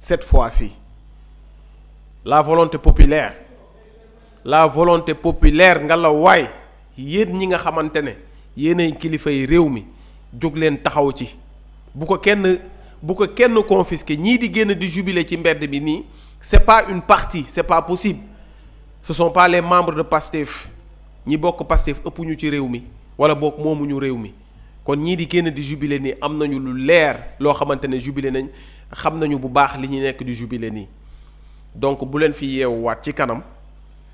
cette fois-ci la volonté populaire la volonté populaire nga la waay yéen ñi nga xamante ne yéenay kilifa yi réew mi jóg leen taxaw ci bu ko kenn bu ko kenn confisque ñii di génn di jubilé ci mbedd bi nii c'est pas une partie c'est pas possible ce sont pas les membres de PASTEF ñi bokk PASTEF ëpp ñu ci réew mi wala bokk moomuñu réew mi kon ñii di génn di jubilé ni am nañu lu leer loo xamante ne jubilé nañ xam nañu bu baax li ñu nekk di jubilé nii donc bu leen fi yeewuwaat ci kanam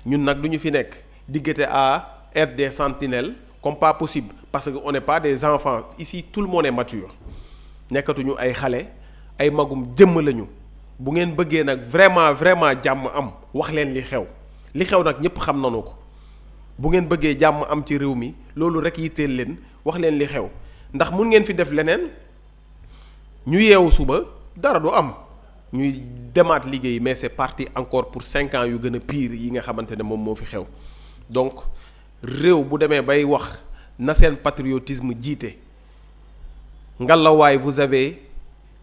ñun nag du ñu fi nekk diggante à être des sentinelles comme pas possible parce que on n'est pas des enfants ici tout le monde est mature nekkatuñu ay xale ay magum jëmm lañu bu ngeen bëggee nag vraiment vraiment jàmm am wax leen li xew li xew nag ñëpp xam nañu ko bu ngeen bëggee jàmm am ci réew mi loolu rek yitteel leen wax leen li xew ndax mun ngeen fi def leneen ñu yeewu suba. dara du am ñuy demaat liggéey mais c'est parti encore pour cinq ans yu gën a pire yi nga xamante ne moom moo fi xew donc réew bu demee bay wax na seen patriotisme jiite ngalawaay vous avez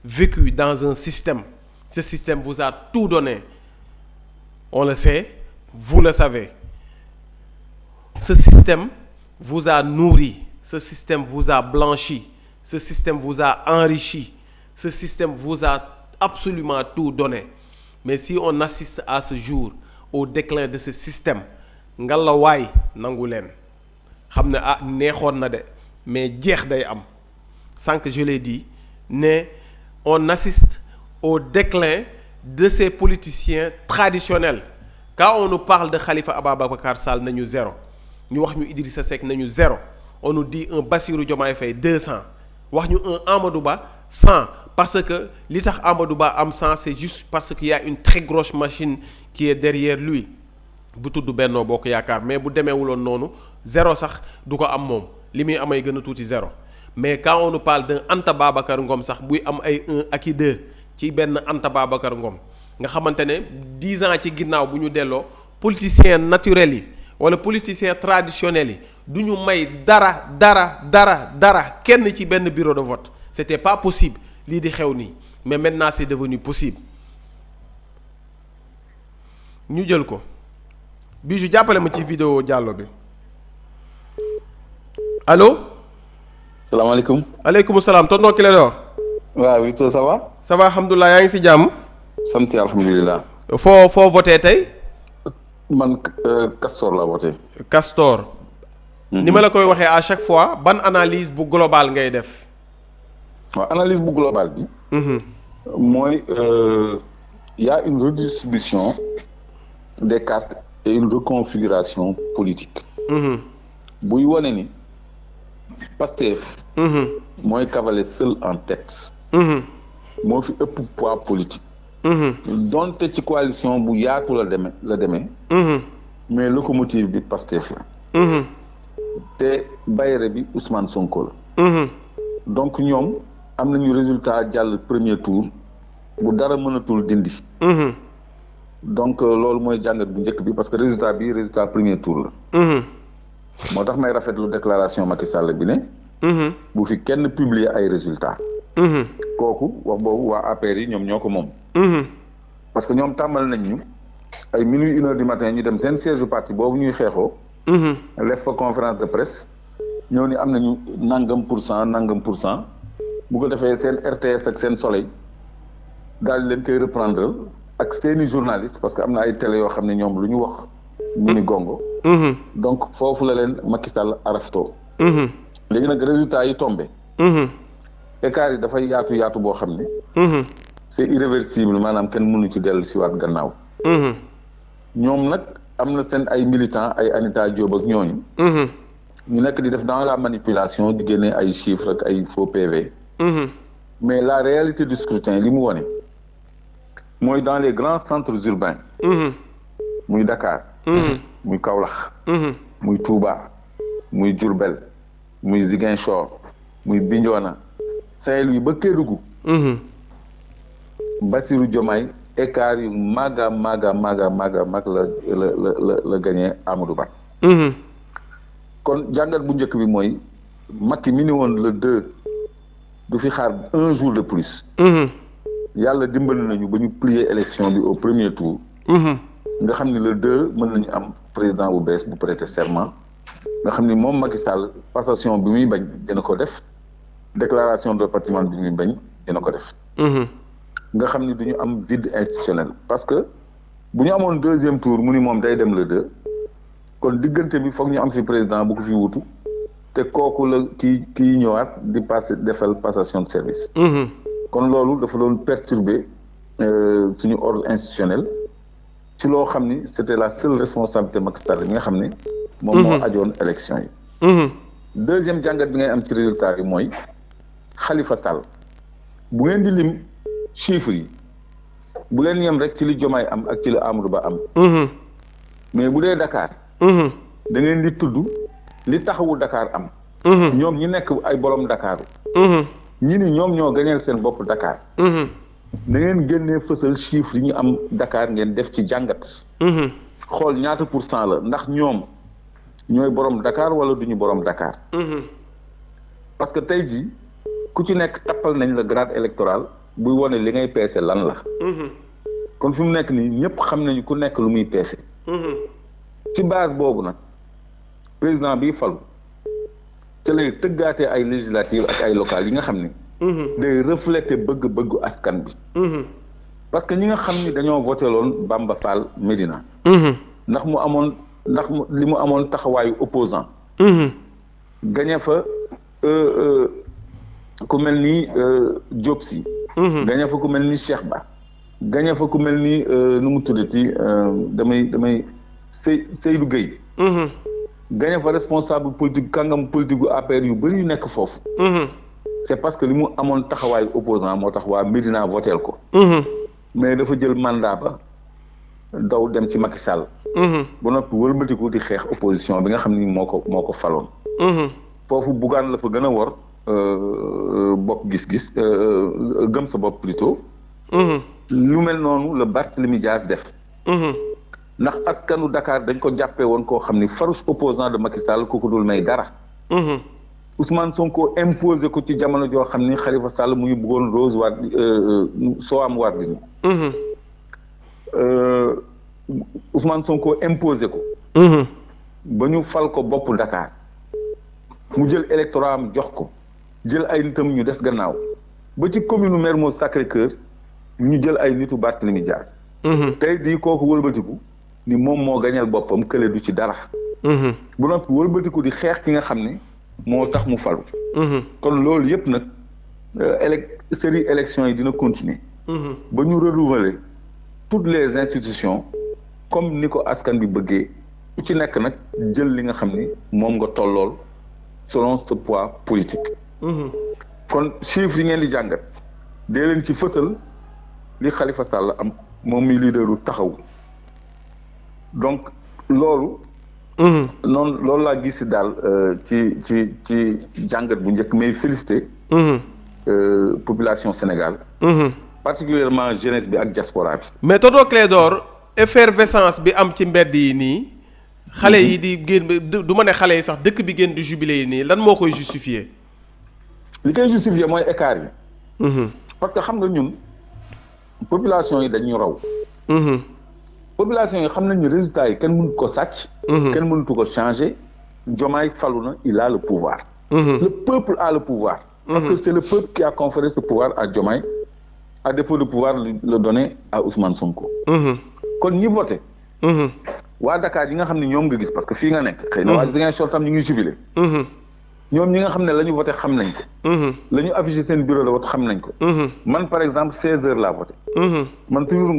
vécu dans un système ce système vous a tout donné on le sait vous le savez ce système vous a nourri sa système vous a blanchi ce système vous a enrichi ce système vousat a absolument tout donné mais si on assiste à ce jour au déclin de ce système ngalawaay nangu leen xam ne ah neexoon na de mais jeex day am sànq je l'ai dit ne on assiste au déclin de ces politiciens traditionnels quand on parle de xalifa Ababacar Sall nañu zéro ñu wax ñu Idrissa Seck nañu zéro on nous un Bassirou Diomaye Faye deux cent wax ñu un Amadou Ba cent parce que li tax Amadou Ba am sens c'est juste parce que y une très grosse machine qui est derrière lui bu tudd Benno Bokk Yaakaar mais bu demeewuloon noonu zéro sax du ko am moom li muy amay gën a tuuti zéro mais quand on nous parle d'un Anta Babacar sax buy am ay un ak i deux ci benn Anta Babacar Ngom nga xamante ne dix ans ci ginnaaw bu ñu delloo politiciens naturels yi wala politiciens traditionnels yi du ñu may dara dara dara dara kenn ci benn bureau vote c'était pas possible lii di xew nii mais maintenant si devenu possible ñu jël ko bi ju jàppale ma ci vidéo Diallo bi allo. salaamaaleykum. alekum salaam tonton Clédor. waaw Vito ça va. ça va alhamdulilah yaa ngi si jàmm. sant alhamdulilah. foo foo voté tey. man euh, Castor laa voté. Castor. Mhm. ni ma la koy waxee à chaque fois ban analyse bu global ngay def. waaw analyse bu globale bi. Mhm. mooy euh, y a une redistribution des cartes et une reconfiguration politique. Mhm. buy wane ni Pastef. Mhm. mooy cavaler seul en tête. moo fi ëpp poids politique. donte ci coalition bu yaatu la demee la demee. mais locomotive bi Pastef la. te bayre bi Ousmane Sonko la. donc ñoom. am nañu résultat jàll premier tour bu dara mënatul dindi. Mhm. donc euh, loolu mooy jàngat bu njëkk bi parce que résultat bi résultat premier tour la. Mhm. moo tax may rafetlu déclaration Macky Sall bi ne. Mhm. bu fi kenn publier ay résultats. kooku wax boobu waa APR yi ñoom ñoo ko moom. parce que ñoom tàmbal nañ ñu ay minuit une heure du matin ñu dem seen siège u parti boobu ñuy xeexoo. def fa conférence de presse ñoo ni am nañu nangam pour cent nangam pour cent. bu ko defee seen RTS ak seen soleil daal leen koy reprendre ak seeni journaliste parce que am na ay tele yoo xam ne ñoom lu ñu wax. ñu ni gongo. Mm-hmm. donc foofu la leen Macky Sall arafto mm-hmm. léegi nag résultat yi tombé. Mm-hmm. écart yi dafay yaatu yaatu boo xam ne. c'est irréversible maanaam kenn mënu ci dellu si waat gannaaw. ñoom nag am na seen ay militants ay Anita Diop ak ñooñu. ñu nekk di def dans la manipulation di génne ay chiffres ak ay faux PV. Mm-hmm. mais la réalité du scrutin li mu wone mooy dans les grands centre urbains mm-hmm. muy Dakar mm-hmm. muy Kaolack muy Touba muy Diourbel muy Ziguinchor muy Bignona Saint-Louis ba Kédougou Bassirou Diomaye écart yu mag a mag a mag a mag a mag la la la la la gagné kon jàngat bu njëkk bi mooy Macky mi ni woon le deux du fi xaar un jour de plus. Mhm. yàlla dimbali nañu ba ñu plier élection bi au premier tour. Mhm. nga xam ni le deux mën nañu am président bu bees bu prêter serment. nga xam ni moom Macky Sall passation bi muy bañ dina ko def déclaration de patrimoine bi muy bañ dina ko def. Mhm. nga xam ni du ñu am vide institutionnel parce que bu ñu amoon deuxième tour mu ni moom day dem le deux kon diggante bi foog ñu am fi président bu ko fi wutu. te kooku la kii kii ñëwaat di passé defal passation de service. Mm-hmm. kon loolu dafa doon perturber euh, suñu ordre institutionnel ci loo xam ni c'était la seule responsabilité Macky Sall bi nga xam ne. moom moo mm-hmm. ajoon élection yi. Mm-hmm. deuxième jàngat bi ngay am ci résultat yi mooy xalifa Sall bu ngeen di lim chiffres yi bu leen yem rek ci li Jomaay am ak ci li Amadou Ba am. mais bu dee Dakar. da di tudd. li taxawu dakaar am. Mhm. ñoom ñi nekk ay borom Dakar. Mhm. ñi ni ñoom ñoo gañeel seen bopp Dakar. Mhm. na ngeen génnee fësal chiffre yu ñu am dakaar ngeen def ci jàngat. xool ñaata pour cent la ndax ñoom ñooy borom dakaar wala duñu borom Dakar. parce que tey ji ku ci nekk tappal nañ la grade électoral buy wane li ngay peese lan la. kon fi mu nekk nii ñëpp xam nañu ku nekk lu muy peese. ci base boobu nag. président bi falu ca lay tëggaatee ay législative ak ay locales yi nga xam ni. Mhm. day refléter bëgg-bëggu askan bi. Mhm. parce que ñi nga xam ni dañoo voté loon Bamba Fall Médina. Mhm. ndax mu amoon ndax mu li mu amoon taxawaayu opposant gañe fa euh, euh, ku mel ni euh, Diop si. gañe fa ku mel ni Cheikh Ba. gañe fa ku mel ni nu mu tuddati damay damay Sey Seydou Gueye. gañe fa responsable politique kàngam politique gu yu bëri yu nekk foofu. Mhm. c' est parce que li mu amoon taxawaayu opposant moo tax waa Médina voteel ko. Mhm. mais dafa jël mandat ba daw dem ci Macky Sall. Mhm. ba noppi wëlbatiku di xeex opposition bi nga xam ni moo ko moo ko faloon. foofu Bougane la fa gën a war euh, bopp gis-gis euh, euh, gëm sa bopp plutôt. lu mel noonu la Barthélémy Dias def. ndax askanu Dakar dañ ko jàppee woon koo xam ni farouche opposant de Macky Sall ku ko dul may dara. Mhm. Ousmane Sonko imposé ko ci jamono joo xam ni Khalifa Sall mu bugoon bëggoon Rose euh, euh, soo am Wardini. Mhm. Euh, Ousmane Sonko imposé ko. Mhm. ba ñu fal ko bopp Dakar mu jël électorat jox ko jël ay nitam ñu des gannaaw ba ci commune Mermoz Sacré-Cœur ñu jël ay nitu Barthélémy Dias. tey di kooku wëlbatiku. ni moom moo gañal boppam kële du ci dara. Mm-hmm. bu noppi wëlbatiku di xeex ki nga xam ne moo tax mu falu. Mm-hmm. kon loolu yëpp nag euh, élec série élection yi dina continuer. Mm-hmm. ba ñu renouveler toutes les institutions comme ni ko askan bi bëggee u ci nekk nag jël li nga xam ni moom nga tollool selon ce poids politique. kon chiffres yi ngeen di jàngat dee leen ci fësal li Khalifa Sall am moom mi leaderu taxaw. donc loolu. Mm-hmm. noonu loolu laa gis daal euh, ci ci ci jàngat bu njëkk mais félicité. Mm-hmm. Euh, population Sénégal. Mm-hmm. particulièrement jeunesse bi ak diaspora bi. mais tonton Clédor effervescence bi am ci mbedd yi nii. xale yi di génn du ma ne xale yi sax dëkk bi génn di jubilé yi nii lan moo koy justifier. li koy justifier mooy écart yi. parce que xam nga ñun population yi dañu raw. population yi xam nañu résultat yi kenn mënut ko sàcc. Mhm. kenn mënutu ko changer. Diomaye falu na il a le pouvoir. Mhm. le peuple a le pouvoir. parce que mhm. c'est le peuple qui a conféré ce pouvoir à Diomaye à défaut de pouvoir le donner à Ousmane Sonko. kon ñi voté. waa Dakar yi nga xam ne ñoom nga gis parce que fii nga nekk. xëy na waa Ziguinchor tam ñu ñi nga xam ne la ñu voté xam nañ ko. la ñu seen bureau de vote xam nañ ko. man par exemple 16 heures laa voté. man toujours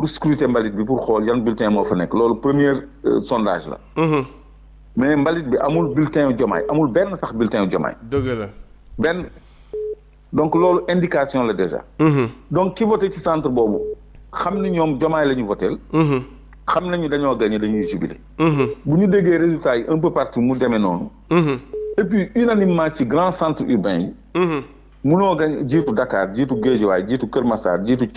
pour scruter mbalit bi pour xool yan bulletin moo fa nekk loolu premier euh, sondage la. Mhm. mais mbalit bi amul bulletin jomaay amul benn sax bulletin jomaay. dëgg la benn donc loolu indication la déjà. Mhm. donc ki voté ci centre boobu xam ni ñoom jomaay la ñu voté. Mhm. xam nañu dañoo gagné dañuy jubilé. bu ñu déggee résultats yi un peu partout mu demee noonu. et puis unanimement ci grand centre urbain yi. munoo gagné jiitu Dakar jiitu Guédiawaye jiitu Kër Massar jiitu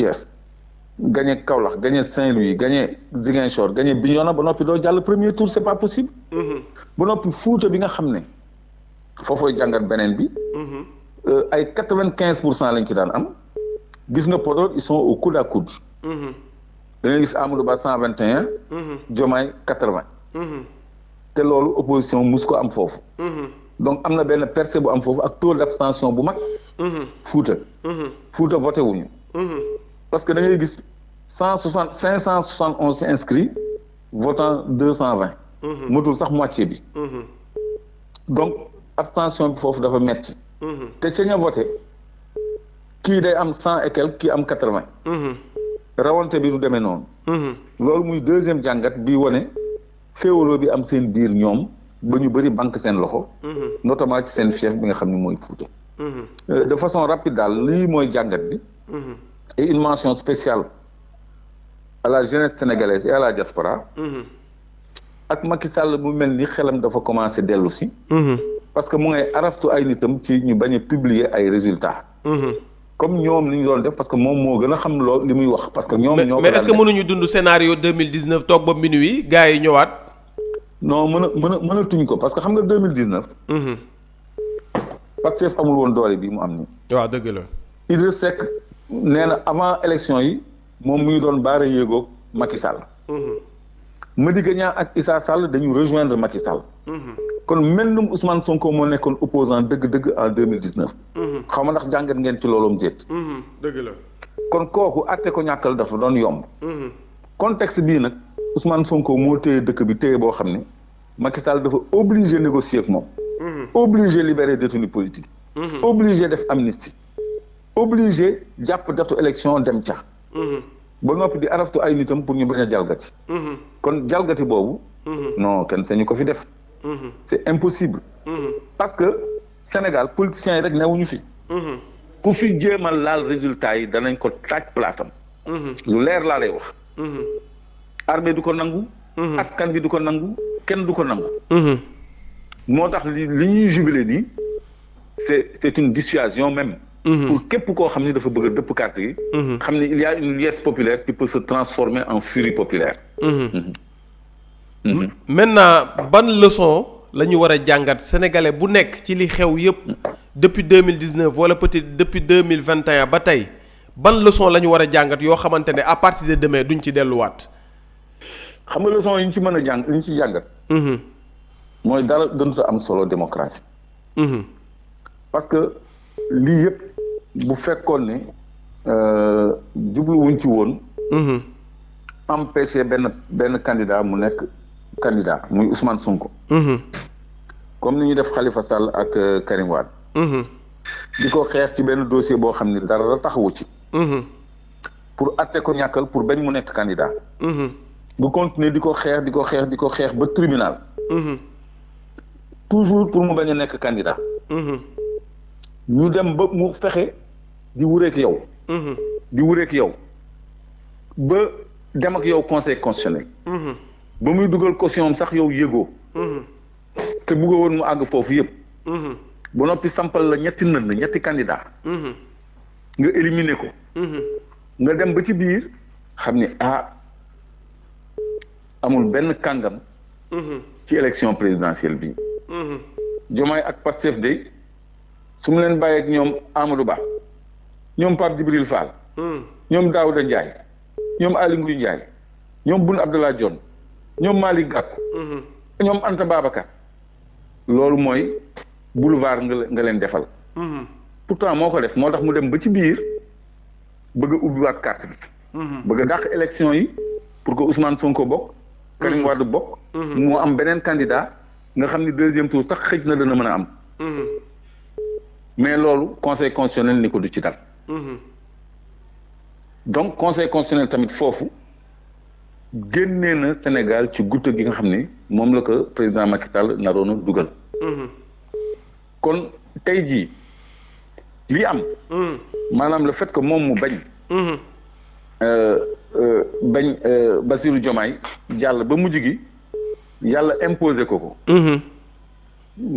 gagné Kaolack gagné Saint-Louis gagné Ziguinchor gagné ba noppi doo jàll premier tour c'est pas possible. Mm-hmm. ba noppi Fuuta bi nga xam ne foofooy jàngat beneen bi. Mm-hmm. Euh, ay quatre-vingt-quinze pour cent lañ ci daan am. gis nga Podor ils sont au coude à coude. Mm-hmm. da ngay gis Amadou Ba cent vingt et un. Diomaye quatre-vingt. te loolu opposition mus am foofu. donc am na benn percée bu am foofu ak taux d'abstention bu mag. Fuuta. Fuuta voté wuñu. parce que da gis cent soixante cinq cent soixante onze inscrits votant deux cent vingt. motul mhm. sax moitié bi. Mhm. donc abstention bi foofu dafa metti mhm. te ca ña kii day am cent et kii am quatre vingt. rawante bi du demee noonu. loolu muy deuxième jàngat bi wane féewaloo bi am seen biir ñoom ba ñu bëri banque seen loxo. notamment ci seen fief bi nga xam ne mooy Fouta. Euh, de façon rapide daal lii mooy jàngat bi. et une mention spéciale à la jeunesse sénégalaise et à la diaspora. Mm-hmm. ak Macky Sall mu mel ni xelam dafa commencé dellu si. Mm-hmm. parce que mu ngay araftu ay nitam ci ñu bañ a publier ay résultats. Mm-hmm. comme ñoom li ñu doon def parce que moom moo gën a xam loo li muy wax parce que. ñoom ñoo mais est-ce que mënuñu dund scénario toog ba minuit yi ñëwaat. non mën a mënatuñ ko parce que xam nga 2019. Pastef amul woon doole bi mu am nii. waaw dëgg la nee na avant élection yi moom mu ngi doon baare yéegoog Macky Sall. Madické Niang ak Issa Sall dañu rejoindre Macky Sall. kon mennum Ousmane Sonko moo nekkoon opposant dëgg-dëgg en deux mille dix neuf. xaw ma ndax jàngat ngeen ci loolum jéet. dëgg la kon kooku àtte ko ñàkkal dafa doon yomb. Mm-hmm. contexte bii nag usman Sonko moo téye dëkk bi téye boo xam ne Macky Sall dafa obligé négocier ak moom. Mm-hmm. obligé libérer détenu politique. Mm-hmm. obligé def amnistie. obligé jàpp datu élection dem ca. Mhm. ba noppi di araftu ay nitam pour ñu bañ a jalgati. Mhm. kon jalgati boobu. Mhm. non kenn sañu ko fi def. c'est impossible. parce que Sénégal politiciens yi rek newuñu fi. ku fi jéem a laal résultat yi danañ ko taaj place am. lu leer laa lay wax. armée du ko nangu. askan bi du ko nangu kenn du ko nangu. moo tax li li ñuy jubilé nii c'est c'est une dissuasion même. Mm-hmm. pour képp koo xam ni dafa bëgg a dëpp carte yi. Mm-hmm. xam ni il y a une liesse populaire qui peut se transformer en furie populaire. Mm-hmm. maintenant ban leçon la ñu war a jàngat sénégalais bu nekk ci li xew yëpp depuis deux mille dix neuf wala peut-être depuis deux mille vingt et ba tey ban leçon la ñu war a jàngat yoo xamante ne à partir de demain duñ ci delluwaat. xam nga leçon yi ñu ci mën a jàng yi ñu ci jàngat. mooy dara gën sa am solo démocratie. parce que lii yëpp. bu fekkoon ne euh, jubluwuñ ci woon. empêcher mm-hmm. benn benn candidat mu nekk candidat muy Ousmane ko mm-hmm. comme ni ñu def xalifa Sall ak euh, Karim Wade. Mm-hmm. di ko xeex ci benn dossier boo xam ne dara taxawu ci. pour atte ko ñàkkal pour bañ mu nekk candidat. bu continuer di ko xeex di ko xeex di ko xeex ba tribunal. toujours pour mu bañ a nekk candidat. ñu dem ba mu fexe di wureek yow. Mm-hmm. di wureek yow ba dem ak yow conseil constitutionnel. Mm-hmm. ba muy dugal caution am sax yow yëgoo. Mm-hmm. te bëggoo woon mu àgg foofu yëpp. ba noppi sampal la ñetti nënd ñetti candidat nga éliminer ko. nga dem ba ci biir xam ni ah amul benn kàngam. ci élection présidentielle bi. Diomaye ak Pastef de su mu leen bàyyeek ñoom Amadou Ba. ñoom Pape Djibril Fall. Hmm. ñoom Daouda Ndiaye. ñoom Aly Ngouille Ndiaye. ñoom Boun Abdallah Dionne. ñoom Malick Gakou. Hmm. ñoom Anta Babacar. loolu mooy boulevard nga nga leen defal. Hmm. pourtant moo ko def moo tax mu dem ba ci biir bëgg a ubbiwaat carte bi. bëgg a dàq élection yi pour que Ousmane ko bokk. Karim Wade bokk. moo am beneen candidat nga xam ni deuxième tour tax xëj na dana mën a am. mais loolu conseil constitutionnel ni ko du ci dal. Mhm. donc conseil constitutionnel tamit foofu génnee na Sénégal ci gutte gi nga xam ni moom la ko président Macky Sall naroon mhm. kon tey jii li am. Mhm. maanaam le fait ko moom mu bañ. Euh, euh, bañ euh, Bassirou Diomaye jàll ba mujj gi yàlla imposé ko ko.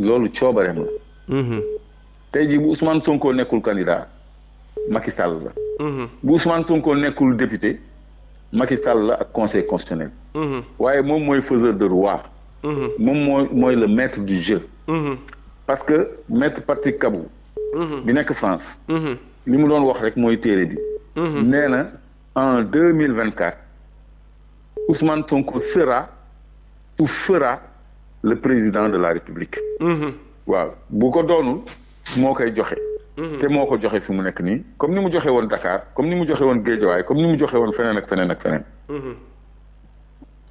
loolu coobareem la. tey jii bu Ousmane Sonko nekkul candidat. Macky Sall la. Mhm. bu Ousmane Sonko nekkul député Macky Sall la ak conseil constitutionnel. Mhm. waaye moom mooy faiseur de roi. Mhm. moom mooy mooy le maître du jeu. parce que maitre Patrick Kabou. bi nekk France. li mu doon wax rek mooy téere bi. nee na en deux mille vingt quatre Ousmane Sonko sera ou fera le président de la République. waaw bu ko doonul moo koy joxe. Mhm. te moo ko joxe fi mu nekk nii comme ni mu joxe woon Dakar comme ni mu joxe woon Géejawaay comme ni mu joxe woon feneen ak feneen ak feneen. Mhm.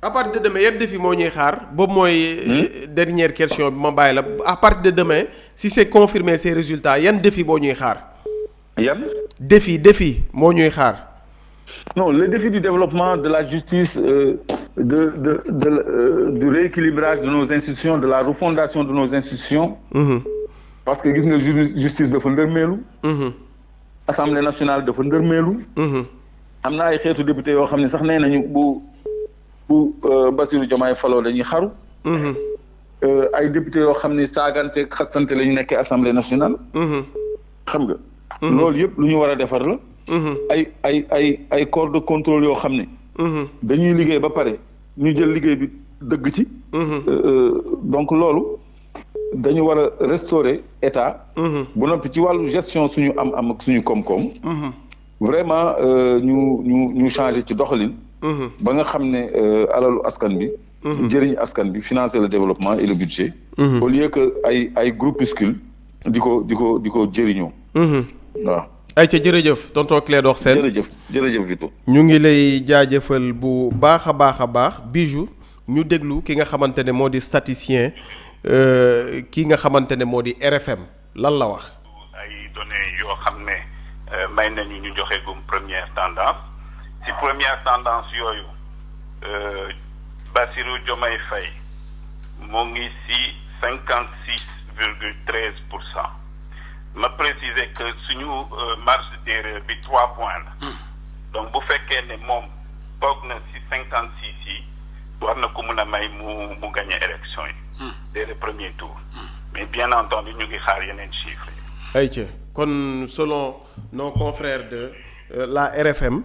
à partir de demain yan défi moo ñuy xaar boobu mooy. Hmm? Euh, dernière question bi ma bàyyi la à partir de demain si c'est confirmé ces résultat yan défi boo ñuy xaar. yan. défi défi moo ñuy xaar. non le défi du développement de la justice euh, de de de euh, du rééquilibrage de nos institutions la refondation de nos institutions. Mhm. parce que gis nga justice dafa ndërmeelu. Mhm. assemblée nationale dafa ndërmeelu. Mhm. am na ay xeetu député yoo xam ne sax nee nañu bu bu euh, Bassirou Diomaye faloo dañuy xaru. Mhm. Euh, ay député yoo xam ne saagante xastante la ñu nekkee assemblée nationale. xam nga. loolu yëpp lu ñu war a defar la. ay ay ay ay corps de contrôle yoo xam ne. dañuy liggéey ba pare ñu jël liggéey bi dëgg ci. Euh, donc loolu dañu war a restaurer. état. Mm-hmm. bu noppi ci wàllu gestion suñu am-am ak suñu koom-koom. Mm-hmm. vraiment euh, ñu ñu ñu changé ci doxalin. Mm-hmm. ba nga xam ne euh, alalu askan bi. jëriñ askan bi financer le développement et le budget. au lieu que ay ay groupuscule di ko di ko di ko jëriñoo. waaw. ayca jërëjëf tonton Clédor Sène jërëjëf jërëjëf Vito. ñu ngi lay jaajëfal bu baax a baax a baax bijou ñu déglu ki nga xamante ne moo di statisticien. Euh, kii nga xamante ne moo di RFM lan la wax. ay données yoo xam ne euh, may nañu ñu joxe gum première tendance ci première tendance yooyu euh, Bassirou jomay fay moo ngi ci cinquante six virgule treize pour cent ma préciser que suñu marge d'erreur bi trois points hmm. donc bu fekkee ne moom toog na ci cinquante six yi war na ko mun a may mu mu gañe élection yi. dès premier tour. mais bien entendu ñu ngi xaar yeneen chiffres yi. ayca kon selon nos confrères de euh, la RFM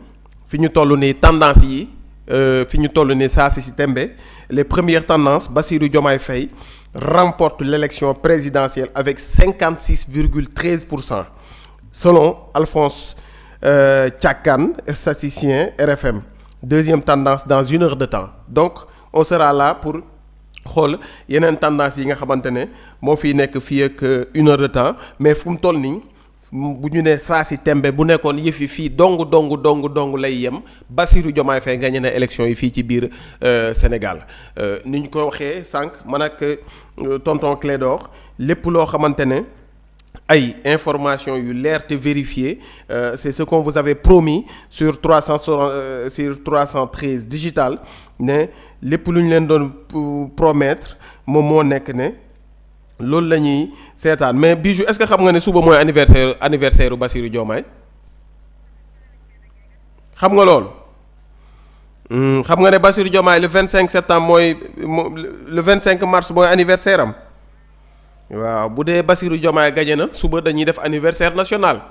fi ñu toll nii tendance yi euh, fi ñu toll nii saa si si tembe les premières tendances Bassirou Diomaye Faye remporte l'élection présidentielle avec cinquante six virgule treize pour cent selon Alphonse euh, Thiakane statisticien RFM deuxième tendance dans une heure de temps donc on sera là pour. xool yeneen tendance yi nga xamante ne moo fiy nekk fii ak euh, une de temps mais fu mu toll nii bu ñu nee saa si tembe bu nekkoon yëf yi fii dong dong dong dong lay yem Bassirou Diomaye Faye gagné na élection yi fii ci biir euh, Sénégal euh, ni ñu ko waxee sànq man ak tonton Clédor lépp loo xamante ne. ay information yu leer te vérifié euh, c'est ce qu'on vous avait promis sur trois cent euh, sur trois cent treize digital ne lépp lu ñu leen doon promettre moom moo nekk ne loolu la ñuy seetaan mais Bijou est-ce que xam nga ne suba mooy anniversaire anniversaire u Bassirou xam nga loolu hmm, xam nga ne Bassirou Diomaye le vingt cinq septembre mooy le vingt cinq mars mooy anniversaire am waaw bu dee basiru Diomaye gañe na suba dañuy def anniversaire national